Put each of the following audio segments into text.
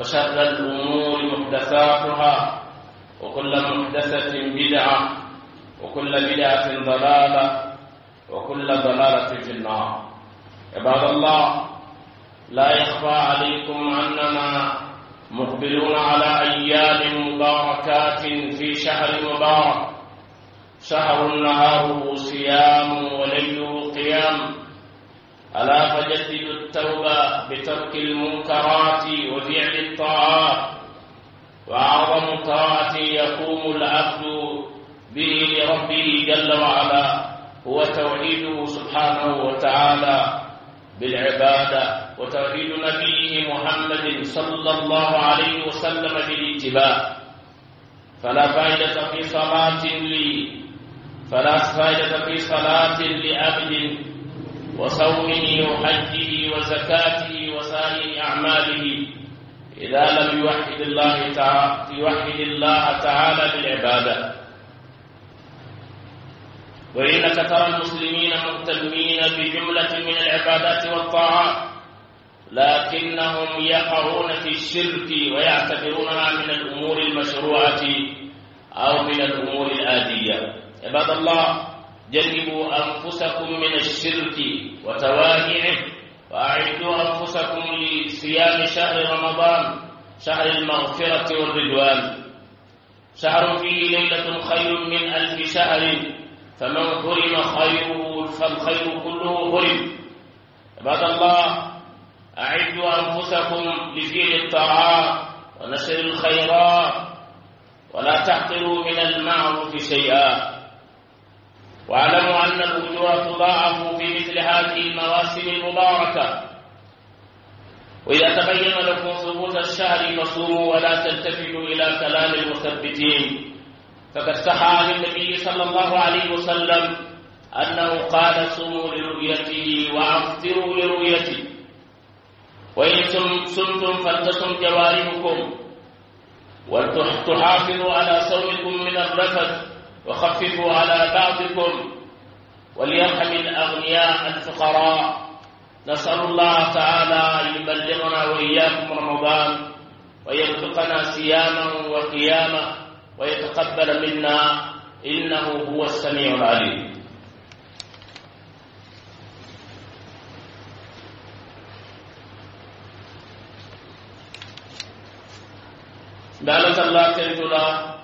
وشر الأمور محدثاتها وكل محدثة بدعة وكل بدعة ضلالة وكل ضلالة في النار عباد الله لا يخفى عليكم أننا مقبلون على أيام مباركات في شهر مبارك شهر نهاره صيام وليله قيام ألا فجدد التوبة بترك المنكرات وفعل الطاعات وأعظم طاعة يقوم العبد به لربه جل وعلا هو توحيده سبحانه وتعالى بالعبادة وتوحيد نبيه محمد صلى الله عليه وسلم بالاتباع فلا فائدة في صلاة لي فلا فائدة في صلاة لأبد وصومه وحجه وزكاته وسائر أعماله إذا لم يوحد الله تعالى يوحد الله تعالى بالعبادة وإنك ترى المسلمين مهتمين بجملة من العبادات والطاعات لكنهم يقعون في الشرك ويعتبرونها من الأمور المشروعة أو من الأمور الآدية عباد الله جنبوا أنفسكم من الشرك وتواهعه وأعدوا أنفسكم لصيام شهر رمضان شهر المغفرة والرضوان شهر فيه ليلة خير من ألف شهر فمن ظلم خيره فالخير كله ظلم عباد الله أعدوا أنفسكم لفعل الطاعات ونشر الخيرات ولا تحقروا من المعروف شيئا واعلموا أن الأجور تضاعف في مثل هذه المواسم المباركة وإذا تبين لكم ثبوت الشهر فصوموا ولا تلتفتوا إلى كلام المثبتين فقد صح عن النبي صلى الله عليه وسلم أنه قال صوموا لرؤيته وأفطروا لرؤيته وإن صمتم فلتصم جوارحكم ولتحافظوا على صومكم من الرفث وخففوا على بعضكم وليرحم الأغنياء الفقراء نسأل الله تعالى أن يبلغنا وإياكم رمضان ويرزقنا صياما وقياما ويتقبل منا إنه هو السميع العليم بعد الله تعالى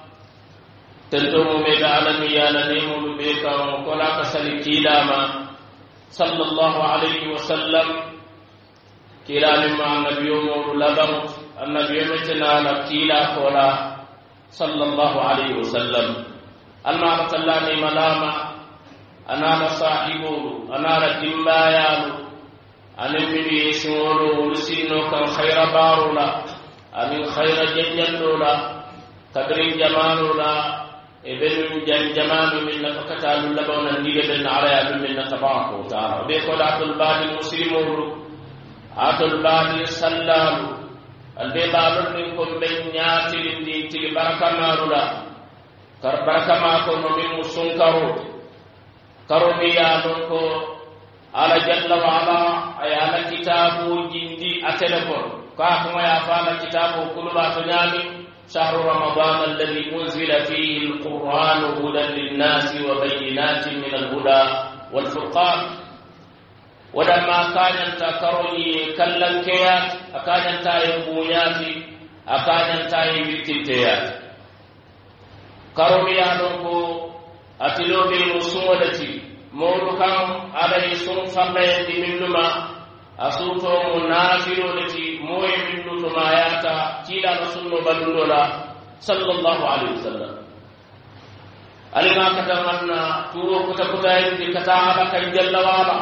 تلتم من العالم يا لنيم البيت وقلع قسل كلاما صلى الله عليه وسلم كلا مما النبي الله لبه النبي مجلع لكيلا خلا صلى الله عليه وسلم أنا رتلاني ملاما أنا مصاحب أنا رتل ما يال أنا من يسول لسينك الخير بارنا أنا الخير جنة لنا تقريب جمالنا ابن جن جمام من نفقت آل اللبون اندیل بن عرے آل من نتباہ کو تارا بے خود آت الباد مسلم آت الباد سلام البے بابر من کم بن نیات لندین تل برک مارولا کر برک ماکو ممی مسلم کرو کرو بھی آدم کو آل جل وعلا ایال کتابو جندی اتلکو کاخم ایافان کتابو کلو باتو جانی شهر رمضان الذي أنزل فيه القرآن هدى للناس وبينات من الهدى والفرقان ولما كان تكرني كلنكيات أكان تايبونيات أكان تايبتتيات كرمي أنكو أتلو بالرسولة مولكم عليه سنفر يدي من لما asuto mo nafiro de ti moy bindu to mayata ti la rasulullah badundo la sallallahu alaihi wasallam alima kata manna turo kuta kuta en di kata ba kan jalla wa ba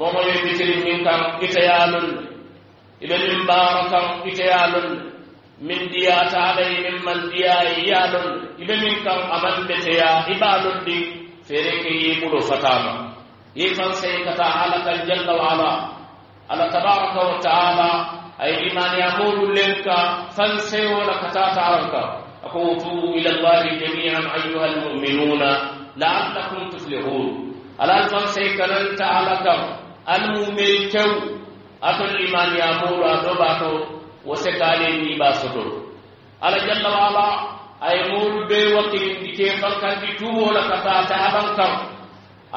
momo yo bi tiri min kan itayalun ibn mubarakam itayalun min diya ta dai min man diya iyalun ibn min kan aban de teya ibalun di fere ke yi mudo fatama yi fan sai kata ala kan jalla wa ba ala tabaraka wa taala ay imani yamulu lenka fanse wala katata aranka ako tubu ila allahi jami'an ayyuha almu'minuna la'allakum tuflihun ala fanse kananta alaka almu'min kew atol imani yamulu adoba to wasekale ni basoto ala jalla wa ala ay mulu be wakilindi ke fankandi tubu wala katata aranka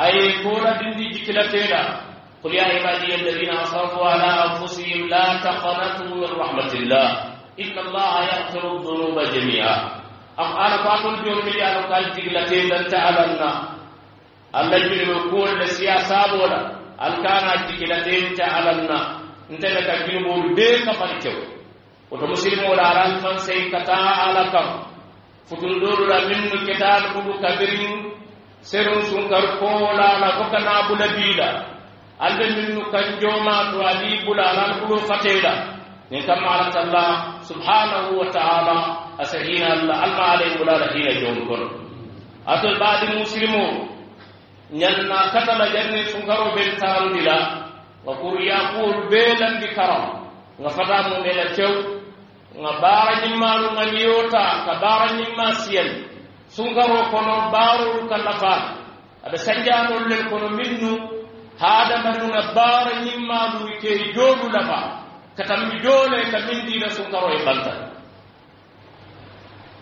ay kora dindi jikilatela قل يا عبادي الذين أسرفوا على أنفسهم لا تقنطوا من رحمة الله إن الله يغفر الذنوب جميعا أم أنا فاقل بيوم يجعل قلتك التي لن تعلمنا الذي يكون السياسة ولا الكانت التي تعلمنا أنت لك كلمة بيك فالتوي وتمسلم ولا على الفنسي على لكم فتندور la minnu ketal bugu kabirin serun sunkar ko la la ko alla min nu kan jooma to adii bula alan kulo fateela nin kamma alatallah subhanahu wa taala asa hiina alla alma alay bulala hiina jooni kono atol baadi musilimo ñanna katala janni sunkaro ben taarundi la nga kur yaakuwol bee landi karam nga fata mumena tew nga baara ñimmaalu nga niyoota ka baara ñimma siyal sunkaro kono baarolu ka lafaani aɓe sanjaanol len kono min nu hadamaduna baara ñimmaalu ke joolu lafa katambi joole ka min diila sunkaro e balta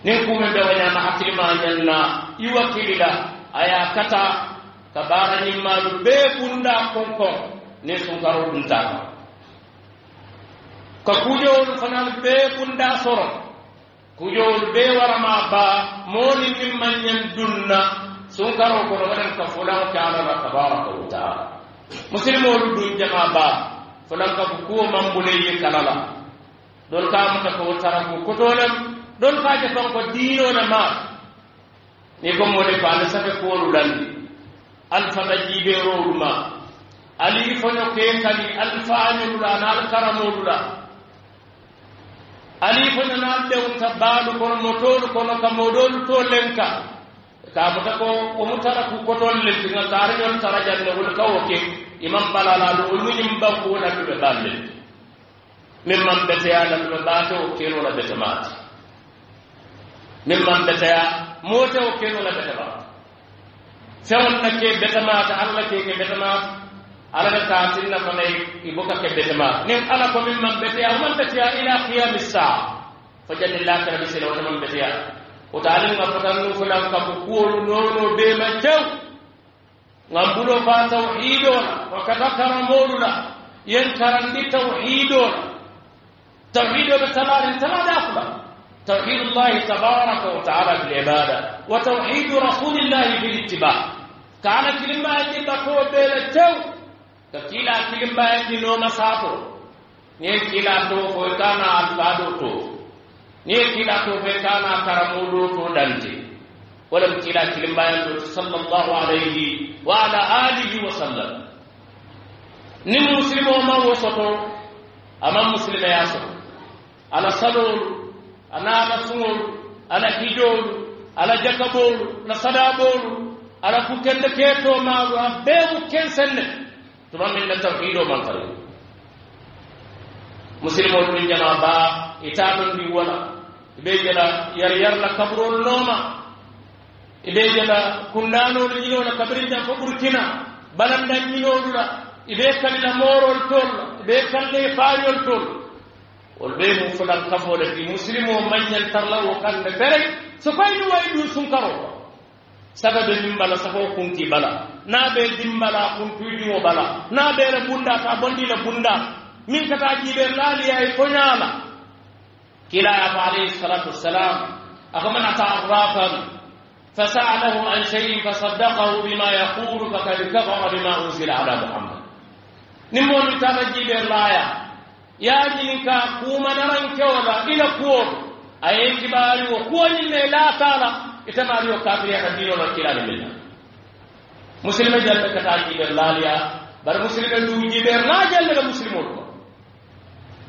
nin kume be wañama hakkilima ñanna iwa kilila aya kata ka baara ñimmaalu bee bunda konkon nin sunkaro ɗum taama ka kujowolu fana be bunda soro kujowolu bee warama baa mooni min man ñan dunna sunkaro kono waɗan ka fulan ka alala tabaraka wa taala musilimoolu duŋ jamaa baa fanaŋ ka ko kuwo maŋ bulee ye kana la doolu ka muta ko wo taraku kotoo lem doolu ka je faŋ ko diinoo na maa niŋ ko moo de ko ala sabe kuwolu landi ali fana jiibeeroolu maa ali i foño kee kani ali faañolu la ana ali karamoolu la ali i foño naŋ dewuta baalu kono motoolu kono ka moo doolu too len ka kabuta ko omu tara ku kotol le tinga tari yon tara janne wul kawo ke imam balala do ulu nyim ba ko na be balle min man bete ya na be bato o kero na bete mat min man bete ya mote o kero na bete mat sewon na ke bete mat alla ke ke bete mat ala da ta tinna ko nay ibuka ke bete mat nim ala ko min man bete ya man bete ya ila qiyamis sa fajallillahi rabbil alamin man bete ya وتعلم أفتنو فلان كبكول نونو بما جو نقولوا فا توحيدنا وكتكر مولنا ينكرن دي توحيدنا توحيد بتبار انتما داخلا توحيد الله تبارك وتعالى في العبادة وتوحيد رسول الله في الاتباع كان كلمة أنت بكو بين الجو كلا كلمة أنت نوم ساتو نيل كلا تو فوتانا أنفادو تو ni kila to fe kana karamudo to dante walam kila bayan to sallallahu alayhi wa ala alihi wa sallam ni muslimo ma wosoto ama muslima ya so ala salol ana ala sumu ala hijol ala jakabo na sadabo ala fukende keto ma be mu kensenne tuma min na tawhido man tawhido musilmol ɗum jama ba e taɗon ndi wona ɓe jela yar yarla kaburol nooma ɓe jela kundanol ñinona kabarin jam fo ɓurtina balandan ñinoɗula ɓe kalla morol tol ɓe kalle faayol tol wol ɓe mum fulan kafole ɗi musilme o maññal tarla o kamɓe ferey so fayni wayi ɗum sunkaro sababe min bala safo kunki bala na ɓe dimbala kuntuyiɗimo bala na ɓe la bunda ta bonɗi la bunda من كتا جبر لالي اي كلا يابا عليه الصلاة والسلام أغمن تعرافا فسأله عن شيء فصدقه بما يقول فقد كفر بما أنزل على محمد نمون كتا جبر لايا يا جنكا قوما نران كولا إلى كور أي انتباري وكوان اللي لا تالا إتماري وكافرية الدين والكلا لله مسلمة جلتك تعجيب الله لها بر مسلمة دون جبير لا جلتك مسلمة الله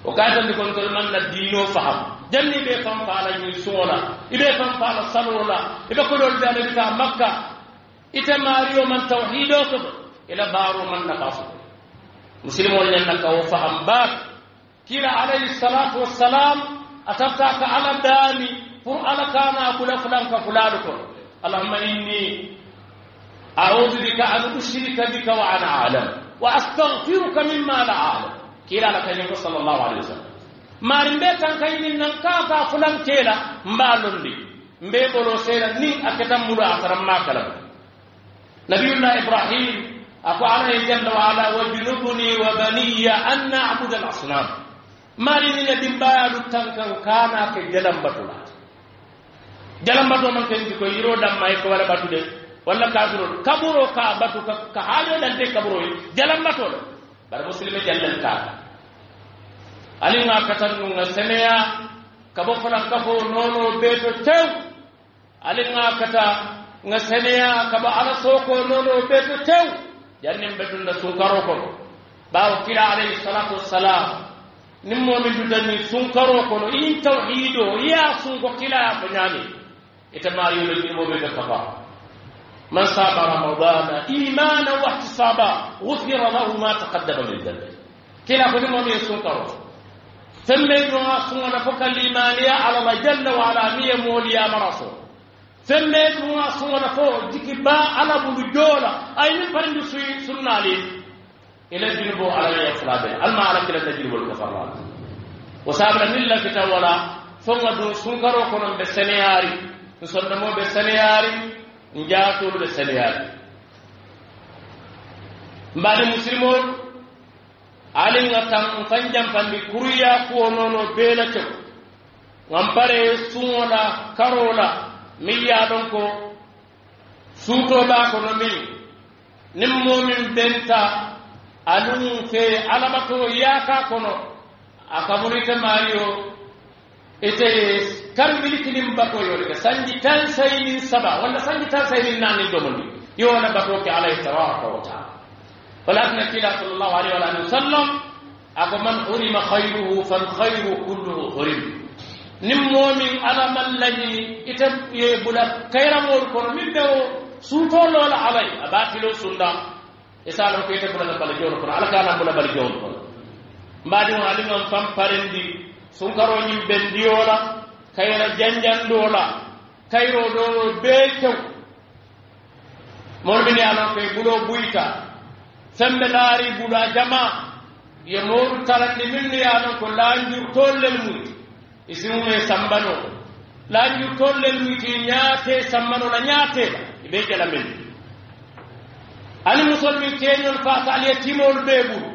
وكاتب لكم من الدين فهم جنبي بيفهم فعلا يسولا يبيفهم فعلا صلولا يبقلوا البيان بتاع مكة إتماري ومن توحيده إلى بار من نقصه مسلمون لأنك وفهم باك كلا عليه الصلاة والسلام أتفتاك على الداني فر على كان أقول فلان ففلانكم اللهم إني أعوذ بك أن أشرك بك وأنا أعلم وأستغفرك مما لا أعلم ila la kanyen sallallahu alaihi wasallam marin be tan kayinin nan ka ka fulan kela mbalundi mbe bolo sela ni akata mulu asaram makalam nabiyullah ibrahim ako ala jalla wa ala wajnubni wa baniya an na'budu al asnam marin nabi dimbalu tan kan kana ke jalam batula jalam batu man ken ko yiro dam may ko wala de wala kafiro kaburo ka batu ka hajo dante kaburo jalam bato bar muslimi jallal ka ali ma katan nun semeya kabo fana kafo nono beto tew ali ma kata nga semeya kabo ala soko nono beto tew jannim betun da sunkaro ko bawo kila alayhi salatu wassalam nin momin dudani sunkaro kono in tawhido iya sunko kila ko ñaami ite ma yolo ñimoɓe ɓe kafa man saba ramadana imana wahtisaba gufira lahu ma taqaddama min dambe kila ko ni momin sunkaro fembe dunga suŋona fo ka limaniya ala la jalla wa ala miŋ ye mooliya mara fo fembe dunga suŋona fo jiki ba ala bulu joola ay niŋ farindi suyi sunnaali ila junubo ala ye fula bele alma ala kila ta junubol ko farla wo sabula niŋ lafita wala fo ŋa dun sunkaro kono mbe seneyaari nsondamo be seneyaari njaatolu be seneyaari mbaade musilimolu alin ŋa tan fan janfandi kuruya kuwo nono bee la tew ŋan bare suŋo la karo la miŋ ye a loŋ ko suutoo baa kono miŋ niŋ moo miŋ benta aluŋ fee yaaka kono a ka buru ite maario ite ye kambilikiliŋ batoyo le ke sanji tan sayiniŋ saba walla sanji tan sayiniŋ naaniŋ domondi yo wona batoo ke ala ye tabaraka wa taala Wa alaaka kana keeddu akkuma waaddii waa laa nuyi. Sallah man urima xayyuhu fan xayyu urduu rurimu. Nin moomii ala man laɲi itti bulan kaira mooru kun nin dee suutonloola abalii abbaa filoo sundaan isaani wa keeta bula la baljoollee al gaana bulu baljoollee. Nbaali kono alimaa fanfarin bi sunkarojiin bendi oola, kaira janjan bi oola, kaira looloo bee kyewu. Morbi nyaataa kaa e ibu buloo buyita. sembe laari guɗa jama yo moru talandi minniyano ko lanjurtollel muyti isimume sambano lanjurtollel muyti ñaate sambanola ñaateɓa eɓe ƴala men ani musolmin keñol fa sa aliya e timol ɓe ɓuru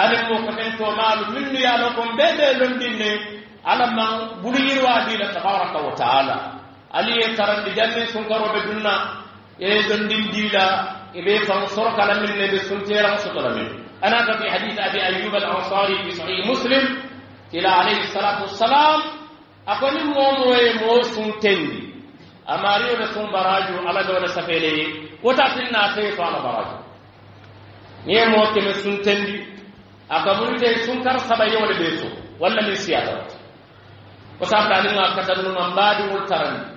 ani mo ko ɓen to maalu minniyano kon ɓe ɓe londin ne alaman ɓuru yirwadila tabaraka wa taala aliye taranɗi jannin sunkaroɓe dunna e londin dila إبي فانصرك لم النبي سلطيرا وسطر منه أنا في حديث أبي أيوب الأنصاري في صحيح مسلم إلى عليه الصلاة والسلام أقول لهم مو سنتين أماري ولا سن براجو على دولة سفيلي وتعطينا سيف على براجو ني مو كم سنتين أقول لهم سنتر سبعي ولا بيسو ولا من سيادة وصابت علينا كتب من بعد والترن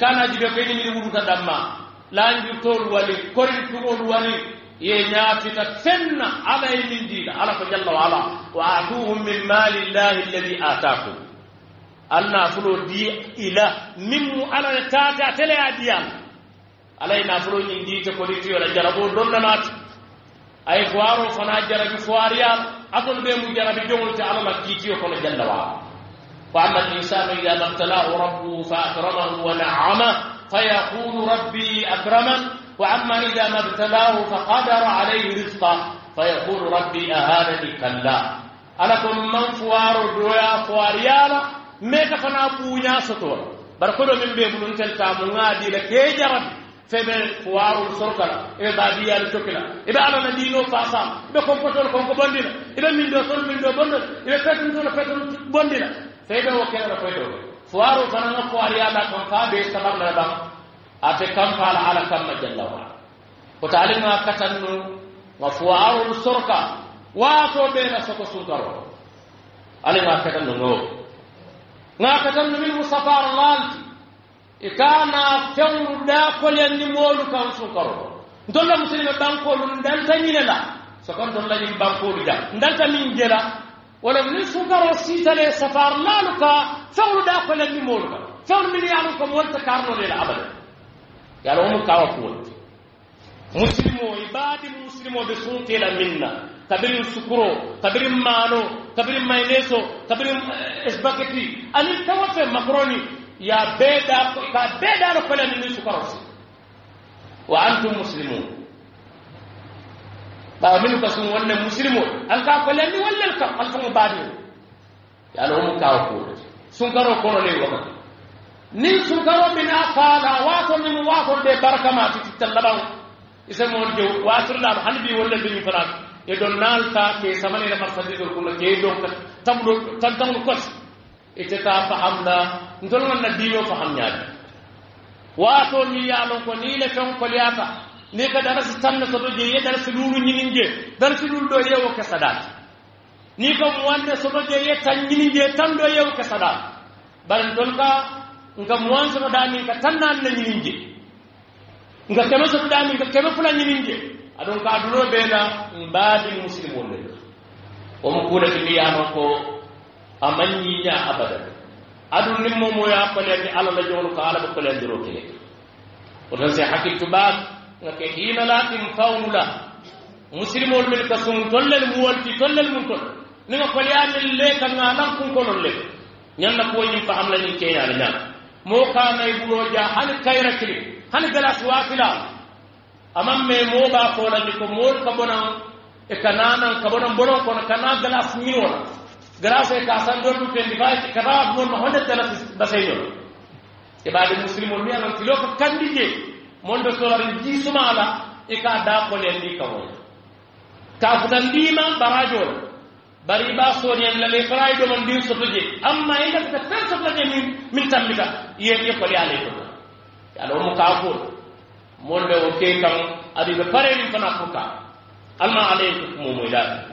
كان أجيب بيني من وجود دمّا lanjutol wali koytugol wali ye ñaafita fenna ala e min diina ala ko jalla wa ala wa atuhum min mali llahi alladi atakum alna fulo di ila min mu ala ne taate a tele a diyal ala e nafulo ñin diite koditiyola jarabo donnanaati ay foiro fana jarabi foiriyal akon ɓe mu jarabi jogolte ala ma kiitiyo kono jalla wa ala wa amma linsanu ida mabtalahu rabbuhu fa akramahu wa naamah فيقول ربي أكرما وعما إذا ما ابتلاه فقدر عليه رزقا فيقول ربي أهانني كلا ألكم من فوار الدويا فواريالا ميك فنا بويا سطور بركلو من بيه من تلتا منادي لكي فمن فوار السركر إذا بابيا لتوكلا إذا أنا مدينو فاسا بكم فتر كم كبندنا إذا من دوسر من دوبندنا إذا فتر من فتر بندنا فإذا وكيلا fuwaro banano fuwariyata kon fa be sabarla ban ate kam fala ala kamma jalla wa surka kota alima katannu wa fuwarol sorka waato ɓeena soko sunkaro alima katannu ngo ga katannu min mu safar laalti e kana fewruɗa ni moolu kan ndan sunkaro ntolla musilime bankolu ndantañinela sokon tollañin bankolu jam ndantamin jela ولم نسوك رسي تلي سفار لا لك فور داخل لن يمورك فور من يعنوك مولت كارنو ليل عبدا يعني أمك كارك مولت مسلمو عبادي مسلمو بسوك إلى منا تبري السكرو تبري مانو تبري مينيسو تبري إسباكتي آه، أن التوفى مقروني يا بيدا كبيدا لك لن نسوك رسي وأنتم مسلمون ba min ka sun wannan muslimo an ka kwale ni wannan kan ka ba badi ya lo mun ka ko sun karo ko ne wa ni sun karo min a fala wa ko min wa ko de baraka ma ti tallaban isa mo de wa sura hanbi wala bin fara e don nal ta ke samane na masjid do kuma ke do ta tamdo tantang ko e ta ta fahamna ndon wannan diyo fahamnya wa to ni ya lo ko ni le kan kwaliata ni ka darasi tanna soto je ye darasi lulu ñinin je darasi lulu ɗo yewo ke saɗate ni kam wanne soto je ye tan ñinin je tan ɗo yewo ke saɗa bare ɗon ka nga mowan soto dami ka tannan na ñinin je nga keme soto dami ka keme fula ñinin je aɗon ka aduno ɓena mbaɗi musilmo le omo kuuɗa ke mbiyama ko a man ñiña abada adun nimmo moya kolendi alalah jolo ko alaba kolendiro kene o tan se hakiltu ɓaɗo ngake himalatin fawla muslimol min ka sun tollel muwalti tollel mun tol ni nga ko yaani le kan na nan kun ko le nyan na ko yin fa am la ni ke yaani na mo ka nay buro ja hal kayra kili hal galas wafila amam me mo ba ko la ni ko mol ka bonan e kanana ka bonan bonon kono kana galas ni wona galas e ka san do tu tendi ba ka ba mon ma honde tala basayo e baade muslimol mi anan tilo ko kandije Montessori di sumala e ka da ko le di ka woni ka fu di ma barajo bari ba so en lale faray do man di so je amma e ka ta so la je min min tambita ye ye ko yale ko ya do mo ka fu mo o ke kam adi be pare ni tan ko ka amma ale ko mo mo ila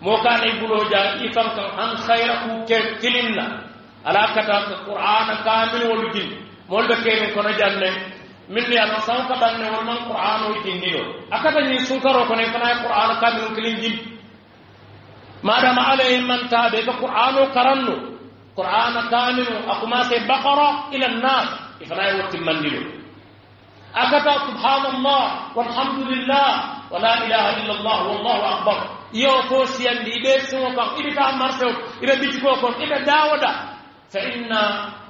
mo ka ne bulo ja i tan tan an khayra ku ke tilinna ala kata ta qur'an ka wal jin mo le ke ni ko na janne مثل أن سانك بني ورم القرآن ويتنديه أكتر من سكر وكن يفنى القرآن كامل كلين جيب ما دام عليهم من تابع القرآن وكرنه القرآن كامل أقوم بقرة إلى الناس يفنى وقت من ديه أكتر سبحان الله والحمد لله ولا إله إلا الله والله أكبر يا فوسيا لي بس وكم إذا تامر سو إذا بيجوا فإن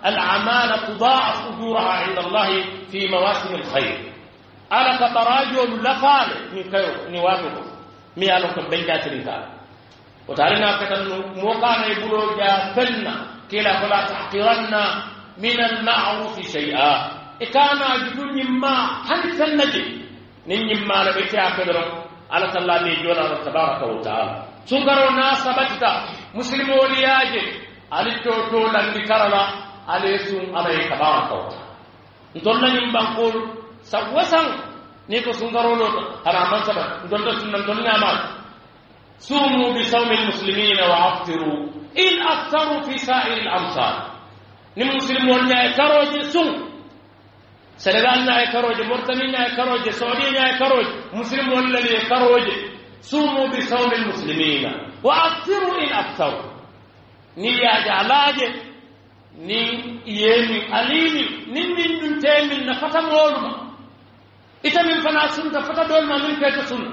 الأعمال تضاعف أجورها عند الله في مواسم الخير أنا على كتراجل لفال نوافقه ميالو كبيدا تريكا وتعالينا كتن موقعنا يقولوا يا فلنا كلا فلا تحقرن من المعروف شيئا إكانا جدو نما هل سنجي نما نبيتي أكدرم على تلا ميجونا تبارك وتعالى سكرنا سبتتا مسلمون ياجي ali toto landi karala ale sun ala ye tabaraka wa ntolla nyim bankol sawasan ni ko sungarolo ana man saba ndonta sunnan donna ma sumu bi sawmi almuslimin wa aftiru in aftaru fi sa'ir al-amsal ni muslimon ya karoje sun senegal na ya karoje mauritanie na ya karoje saudi na ya karoje muslimon la ya karoje sumu bi sawmi almuslimin wa aftiru in aftaru ni yajalaje ni yemi alimi nin min ɗum temin no fata moluma ita min fana sunta fata dolma min peeto sunna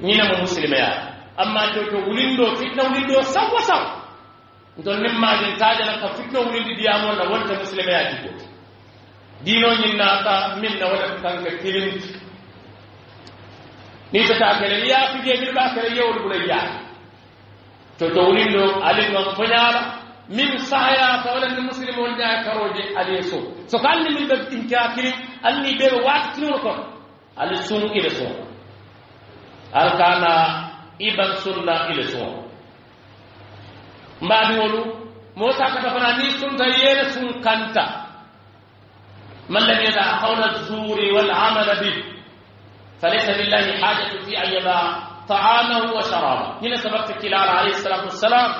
ñinamo muslimeya amma to to wulinɗo fitna wulinɗo sawwa saw ton nin majin tajana ka fitna wulindi ɗiyamonna wonta Dino jiggo dinoñin naata min na waɗat kanka kilinti ni tata kele yaafije min ɓa kele yewol ɓuura yaaka to dowlin ɗo ali ɗon foñaala min sahaya tawlande musidɓe won ñaa karoje ali so soko anni min ɓe inkakiri anni ɓeɓe watitinono kon ali sum ile so alkana iban sunna ile so mbaɗi wolu mota kata fana ni sunta yeere sun kanta man lam yada qawla zuri wal amala bih falaysa lillahi hajatu fi an yada طعامه وشرابه هنا سبقت كلال عليه الصلاة والسلام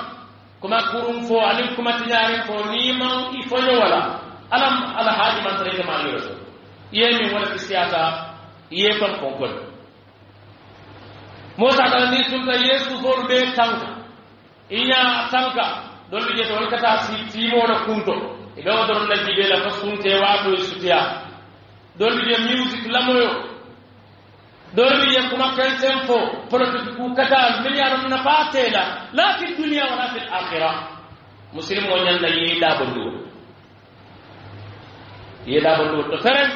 كما كورم فو علم كما تجارم فو نيما إفو ولا ألم على هذه من تريد ما يرسل يمي إيه ولا في السياسة إيه يكون كونكول موسى قال لي سلطة يسو فور بي تنكا إيا تنكا دول بيجي تقول كتا سيتيمو نكونتو إذا لجيبه لفصون فسنتي واتو تيا دول بيجي ميوزك لمو يو دور بي يكما كان سنفو بروتو كو كتال مليار نفاتيلا لا في الدنيا ولا في الآخرة مسلم ونيان لا يلا بندو يلا بندو تفرن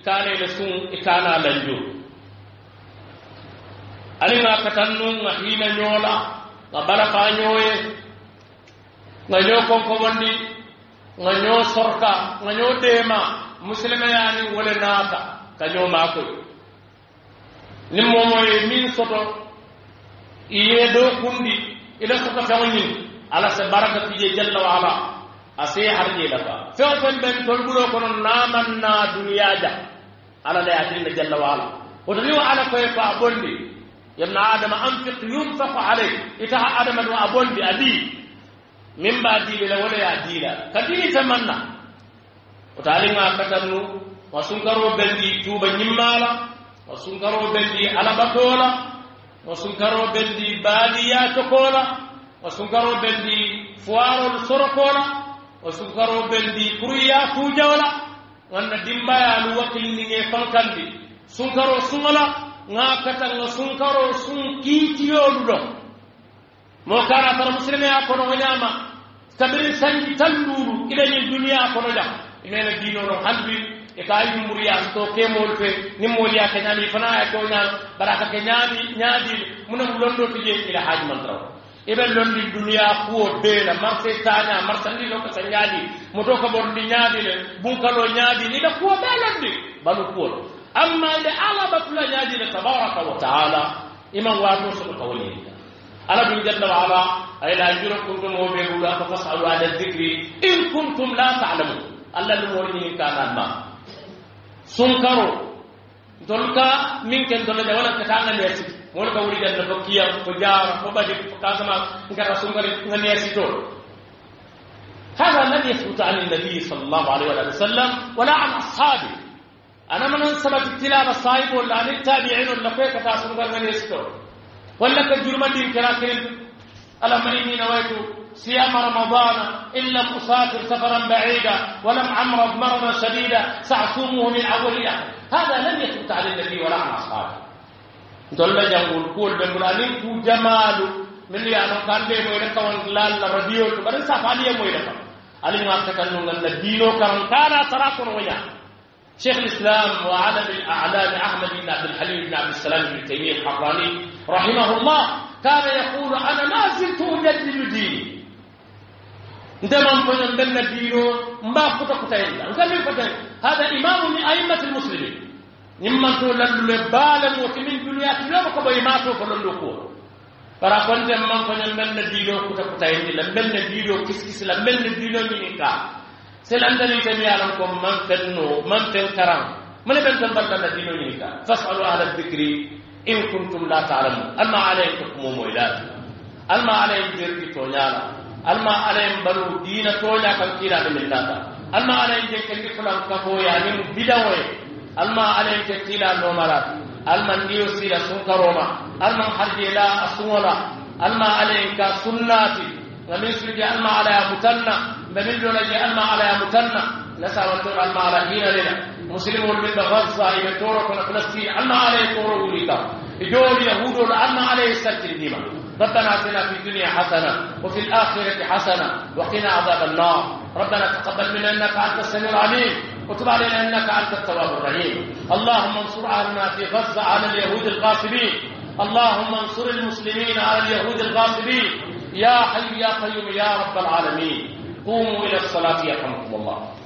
إكانا لسون إكانا لنجو ألما كتنون مهينا نيولا وبرقا نيوي نيو كونكو وندي نيو سرقا نيو ديما مسلمة يعني ولناتا كنيو ماكوي ni mooy min soto yee doo kundi ila soto feŋo ñin ala sa baraka tije jalla wa ala a sey har jee dafa feŋo feŋ ben tolɓuroo kono naaman naa duniyaa ja ala le atinna jalla wa ala woto niwo ala koye fa a bondi yamna adama anfiq yunfaqu alay ita ha adama ɗo a bondi a dii min mba diile le wole a diila ka dini fe manna woto aliŋa katannu wa sunkaroo bendi tuuba ñimmaala o sunkaro bendi alabatola o sunkaro bendi baaliya tokola o sunkaro bendi fuwarol sorokola o sunkaro bendi kuruya kujawla wanna dimbayalu wakkilininge fankandi sunkaro suŋala ŋa katanga sunkaro sun kiitiyolu ɗo mo kana tara musilameya kono o ñama kabiri sanji tan luulu iɗañin duniya kono jam inene diinono hanbi e ka yi muriya to ke mol fe ni mol ya ke nyami fana ya ko nyal baraka ke nyami nyadi munam londo to je ila haji man taw ibe londi duniya ko de la marse tanya marsandi lo ko sanyadi moto ko bordi nyadi le bun kalo nyadi ni da ko be londi balu ko amma ida ala batula nyadi le tabaraka wa taala iman wa to so ko woni ala bin jalla wa ala ay la juro kuntum wa be ruda fa fasalu ala dhikri in kuntum la ta'lamun alla lu woni ni kana ma sunkaro dolka min ken dolle wala ka tanga ne siti wala ka wuri dan ko kiya ko jaara ko badi ko kasama ngara sunkari ngane sito هذا لم يثبت عن النبي صلى الله عليه وآله وسلم ولا عن أصحابه أنا من سبت التلاب الصائب ولا عن التابعين ولا كيف تاسم غير من يستور ولا كجرمة كراكين ألا من إني نويت صيام رمضان إن لم أسافر سفرا بعيدا ولم أمرض مرضا شديدا سأصومه من أولها هذا لم يثبت على النبي ولا على أصحابه تقول لي يقول قول بقول أن جمال من لي أنا كان لي ميلك وأن لا الرديو بل سفالي ميلك ألي ما تكلم أن الدين كان كان تراك ويا شيخ الإسلام وعلم الأعلام أحمد بن عبد الحليم بن عبد السلام بن تيمية الحقراني رحمه الله كان يقول أنا ما زلت أجدد ديني ندم من ندم دينو مبا كتا كتا يلا نكمل كتا هذا إمام من أئمة المسلمين نمان تو لندل بالم وكمن دنيا تلوم كبا يماتو فلندوكو فرا كنت من كنا ندم دينو كتا كتا يلا ندم دينو كيس كيس ندم دينو منيكا سلندل تمي على كم من فنو من فن كرام من بن تنبل ندم دينو منيكا فاسألوا أهل الذكر إن كنتم لا تعلمون أما عليكم مومولات أما عليكم جربي تونيالا alma ala en balu dina toña kan kira nden tata alma ala en je kendi fulan ya nin bidawoye alma ala je ke no nomara alma ndiyo sila sunkaroma alma harjela la asuwala alma ala ka sunnati nga min suli je alma ala mutanna mbe min dona je alma ala ya mutanna to alma ala hinanena muslimu min ɓe gasa iɓe toro kana palestine alma ala toro ulika ijo yahudu alma ala e sattirɗima ربنا اتنا في الدنيا حسنه وفي الاخره حسنه وقنا عذاب النار ربنا تقبل منا انك انت السميع العليم وتب علينا انك انت التواب الرحيم اللهم انصر اهلنا في غزه على اليهود الغاصبين اللهم انصر المسلمين على اليهود الغاصبين يا حي يا قيوم يا رب العالمين قوموا الى الصلاه يرحمكم الله